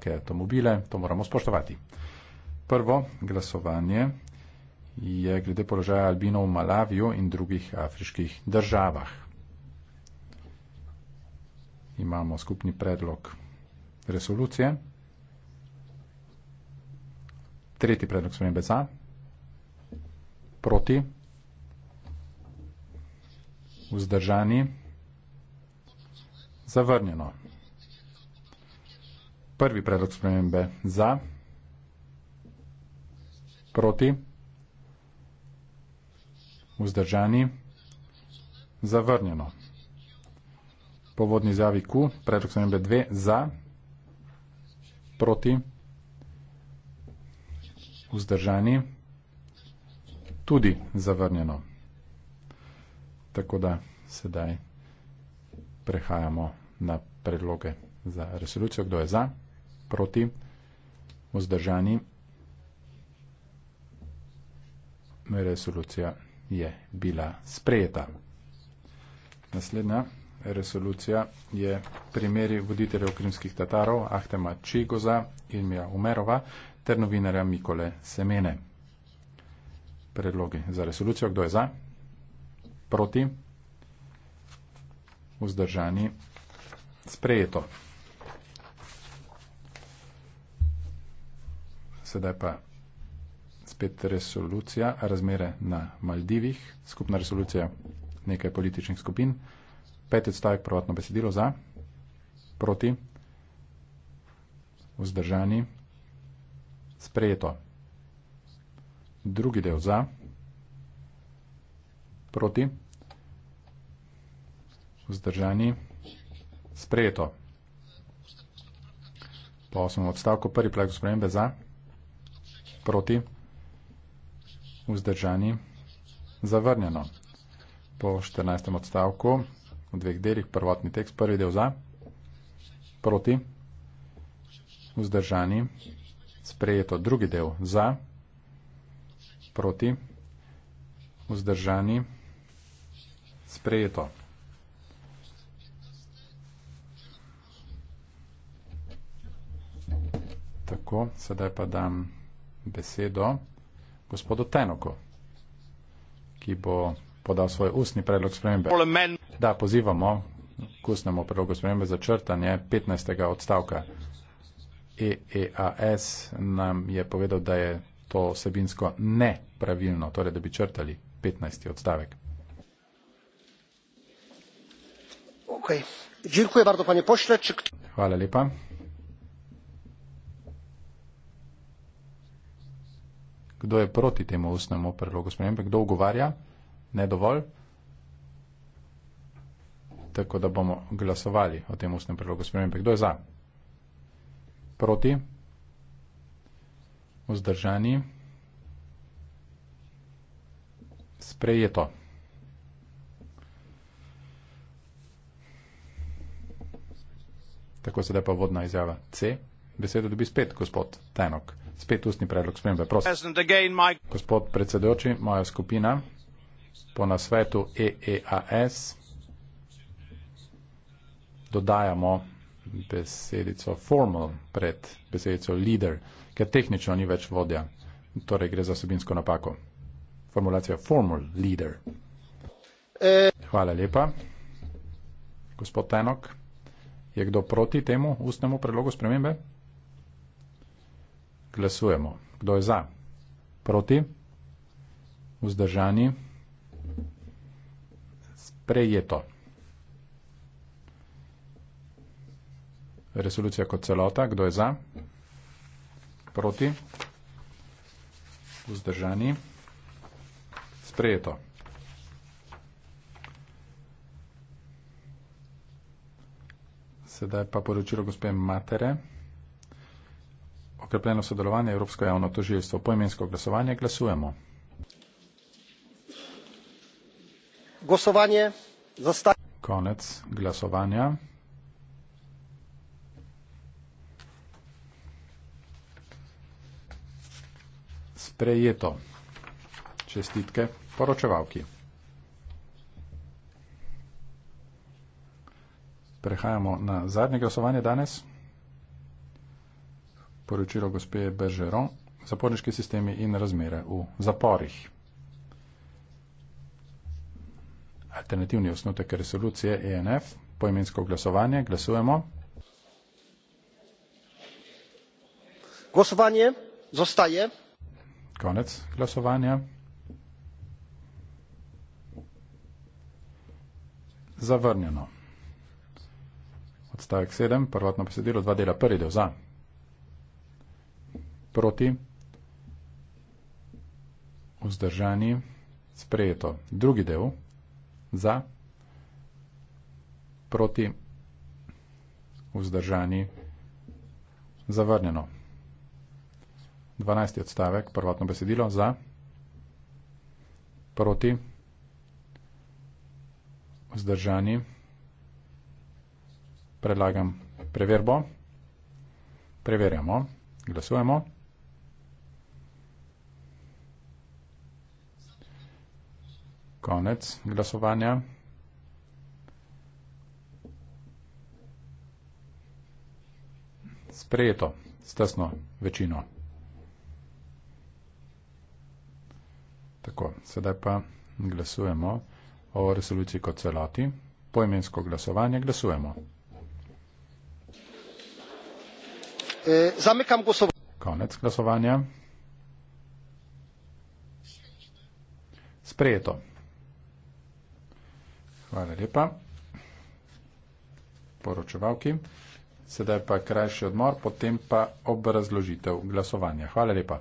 te avtomobile, to moramo spoštovati. Prvo glasovanje je glede položaja albinov v Malaviju in drugih afriških državah. Imamo skupni predlog resolucije. Tretji predlog spremembe za. Proti. Vzdržani. Zavrnjeno prvi predlog spremembe za, proti, vzdržani, zavrnjeno. Povodni zjavi Q, predlog spremembe 2 za, proti, vzdržani, tudi zavrnjeno. Tako da sedaj prehajamo na predloge za resolucijo, kdo je za proti, vzdržani. Resolucija je bila sprejeta. Naslednja resolucija je primeri voditeljev krimskih tatarov Ahtema Čigoza in Mija Umerova ter novinarja Mikole Semene. Predlogi za resolucijo, kdo je za? Proti? Vzdržani? Sprejeto. sedaj pa spet resolucija, razmere na Maldivih, skupna resolucija nekaj političnih skupin, pet odstavek prvotno besedilo za, proti, vzdržani, sprejeto. Drugi del za, proti, vzdržani, sprejeto. Po osmem odstavku prvi plek spremembe za, proti, vzdržani, zavrnjeno. Po 14. odstavku v dveh delih prvotni tekst, prvi del za, proti, vzdržani, sprejeto drugi del za, proti, vzdržani, sprejeto. Tako, sedaj pa dam besedo gospodu Tenoku, ki bo podal svoj ustni predlog spremembe. Da, pozivamo k ustnemu predlogu spremembe za črtanje 15. odstavka. EEAS nam je povedal, da je to sebinsko nepravilno, torej da bi črtali 15. odstavek. Okay. Hvala lepa. kdo je proti temu ustnemu predlogu spremembe, kdo ugovarja, ne dovolj, tako da bomo glasovali o tem ustnem predlogu spremembe. Kdo je za? Proti? Vzdržani? Sprejeto. Tako sedaj pa vodna izjava C. Besedo dobi spet gospod Tenok. Spet ustni predlog spremembe, prosim. Gospod predsedoči, moja skupina po nasvetu EEAS dodajamo besedico formal pred besedico leader, ker tehnično ni več vodja. Torej gre za osebinsko napako. Formulacija formal leader. Hvala lepa. Gospod Tenok, je kdo proti temu ustnemu predlogu spremembe? Glasujemo. Kdo je za? Proti? Vzdržani? Sprejeto. Resolucija kot celota. Kdo je za? Proti? Vzdržani? Sprejeto. Sedaj pa poročilo gospe Matere okrepljeno sodelovanje Evropsko javno tožilstvo. Poimensko glasovanje glasujemo. Glasovanje za sta. Konec glasovanja. Sprejeto. Čestitke poročevalki. Prehajamo na zadnje glasovanje danes poročilo gospe Bergeron, zaporniški sistemi in razmere v zaporih. Alternativni osnutek resolucije ENF, poimensko glasovanje, glasujemo. Glasovanje zostaje. Konec glasovanja. Zavrnjeno. Odstavek 7, prvotno besedilo, dva dela, prvi del za proti, vzdržani, sprejeto. Drugi del, za, proti, vzdržani, zavrnjeno. 12. odstavek, prvotno besedilo, za, proti, vzdržani, predlagam preverbo, preverjamo, glasujemo, Konec glasovanja. Sprejeto s tesno večino. Tako, sedaj pa glasujemo o resoluciji kot celoti. Poimensko glasovanje glasujemo. E, Zamekam glasovanje. Konec glasovanja. Sprejeto. Hvala lepa. Poročevalki. Sedaj pa krajši odmor, potem pa obrazložitev glasovanja. Hvala lepa.